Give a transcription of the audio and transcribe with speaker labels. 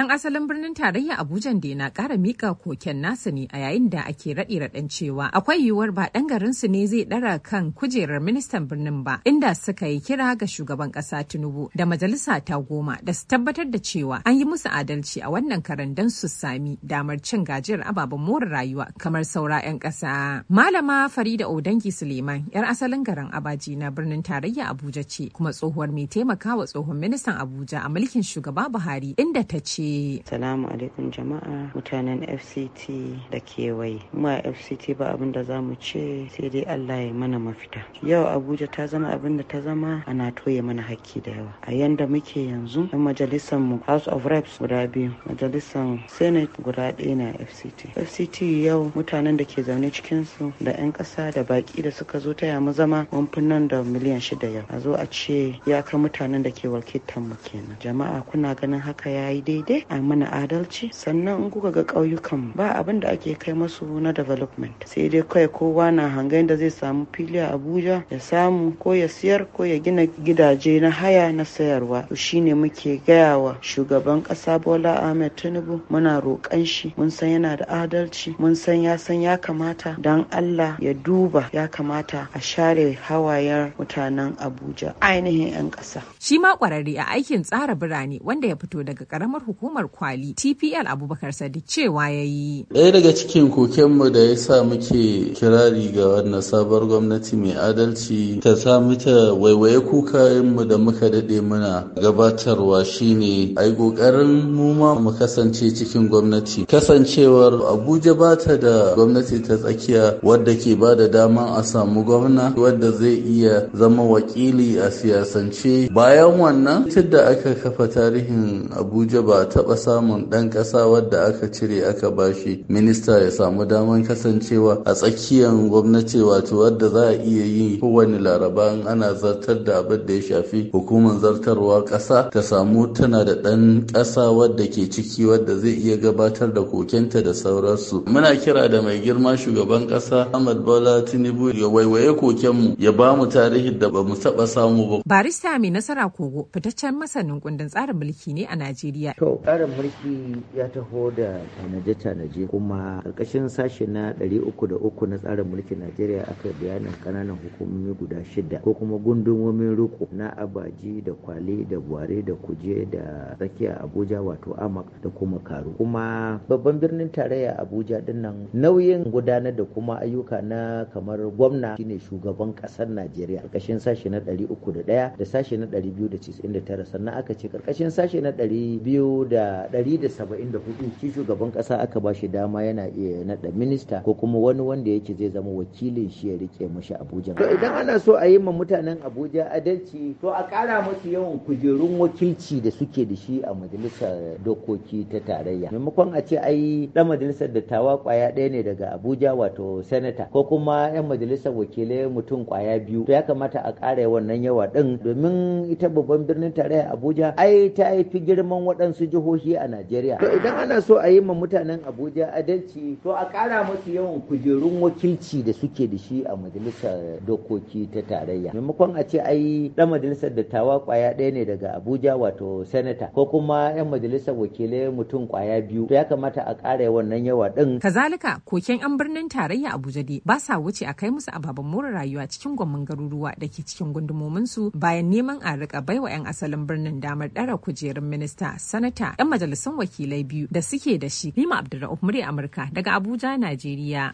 Speaker 1: Dan asalin birnin tarayya Abuja da na ƙara mika koken nasa ne a yayin da ake raɗe raɗen cewa akwai yiwuwar ba ɗan garin su ne zai ɗara kan kujerar ministan birnin ba inda suka yi kira ga shugaban ƙasa Tinubu da majalisa ta goma da su tabbatar da cewa an yi musu adalci a wannan karan don su sami damar cin gajiyar ababen more rayuwa kamar saura 'yan ƙasa. Malama Farida Odangi Suleiman 'yar asalin garin Abaji na birnin tarayya Abuja ce kuma tsohuwar mai taimakawa tsohon ministan Abuja a mulkin shugaba Buhari inda ta ce Salamu alaikum jama'a mutanen FCT da kewaye. Ma FCT
Speaker 2: ba abin da za mu ce sai dai Allah ya mana mafita. Yau Abuja ta zama abin da ta zama ana toye mana hakki da yawa. A yanda muke yanzu na majalisar mu House of Reps guda biyu, majalisar Senate guda ɗaya na FCT. FCT yau mutanen da ke zaune cikin su da 'yan ƙasa da baƙi da suka zo taya mu zama nan da miliyan shida yau. A zo a ce ya kai mutanen da ke wakiltar mu kenan. Jama'a kuna ganin haka ya yi daidai? a mana adalci sannan in kuka ga ƙauyukan ba abin da ake kai masu na development sai dai kai kowa na hangen da zai samu fili a abuja ya samu ko ya siyar ko ya gina gidaje na haya na sayarwa to shine muke gaya wa shugaban ƙasa bola ahmed tinubu muna roƙan shi mun san yana da adalci mun san ya san ya kamata don allah ya duba ya kamata a share hawayen mutanen abuja
Speaker 1: ainihin 'yan ƙasa shi ma ƙwararre a aikin tsara birane wanda ya fito daga ƙaramar hukumar hukumar kwali tpl abubakar sadiq cewa ya yi
Speaker 3: ɗaya daga cikin kokenmu da ya sa muke kirari ga wannan sabar gwamnati mai adalci ta sa mata waiwaye kukayenmu da muka daɗe muna gabatarwa shine a yi ƙoƙarin mu mu kasance cikin gwamnati kasancewar abuja ba ta da gwamnati ta tsakiya wadda ke ba da dama a samu gwamna wadda zai iya zama wakili a siyasance bayan wannan da aka kafa tarihin abuja ba taɓa samun ɗan ƙasa wadda aka cire aka bashi minista ya samu daman kasancewa a tsakiyar gwamnati wato wadda za a iya yi kowane laraba in ana zartar da abin da ya shafi hukumar zartarwa ƙasa ta samu tana da ɗan ƙasa wadda ke ciki wadda zai iya gabatar da kokenta da sauransu muna kira da mai girma shugaban ƙasa Ahmad Bola Tinubu ya waiwaye kokenmu ya ba mu tarihi da bamu mu taɓa samu ba
Speaker 1: barista mai nasara kogo fitaccen masanin kundin tsarin mulki ne a Najeriya
Speaker 3: tsarin
Speaker 4: mulki ya taho da tanaje-tanaje kuma ƙarƙashin sashe na 303 na tsarin mulkin najeriya aka bayanin kananan hukumomi guda shida ko kuma gundumomin riko na abaji da kwale da buware da kuje da tsakiya abuja wato amak da kuma karu kuma babban birnin tarayya abuja dinnan nauyin gudanar da kuma ayyuka na kamar gwamna shine shugaban ƙasar najeriya ƙarƙashin sashe na 301 da sashe na 299 sannan aka ce ƙarƙashin sashe na 200 da da saba'in 174 shi shugaban kasa aka ba shi dama yana iya naɗa minista ko kuma wani wanda yake zai zama wakilin shi ya rike mashi Abuja. To idan ana so a yi ma mutanen Abuja adalci to a ƙara musu yawan kujerun wakilci da suke da shi a majalisar dokoki ta tarayya. Maimakon a ce ai ɗan majalisar da dattawa kwaya ɗaya ne daga Abuja wato senata ko kuma 'yan majalisar wakilai mutum kwaya biyu to ya kamata a ƙara wannan yawa ɗin domin ita babban birnin tarayya Abuja ai ta fi girman waɗansu jihohi jihohi a Najeriya. To idan ana so a yi ma mutanen Abuja adalci to a ƙara musu yawan kujerun wakilci da suke da shi a majalisar dokoki ta tarayya. Maimakon a ce ai ɗan majalisar dattawa ƙwaya ɗaya ne daga Abuja wato senator ko kuma 'yan majalisar wakilai mutum ƙwaya biyu to ya kamata a ƙara wannan yawa ɗin.
Speaker 1: Kazalika koken 'yan birnin tarayya Abuja dai ba sa wuce a kai musu ababen more rayuwa cikin gwamnan garuruwa da ke cikin gundumominsu bayan neman a riƙa baiwa 'yan asalin birnin damar ɗara kujerun minista sanata 'yan majalisun wakilai biyu da suke da shi. Lima abdulrahman murya Amurka daga Abuja, Najeriya.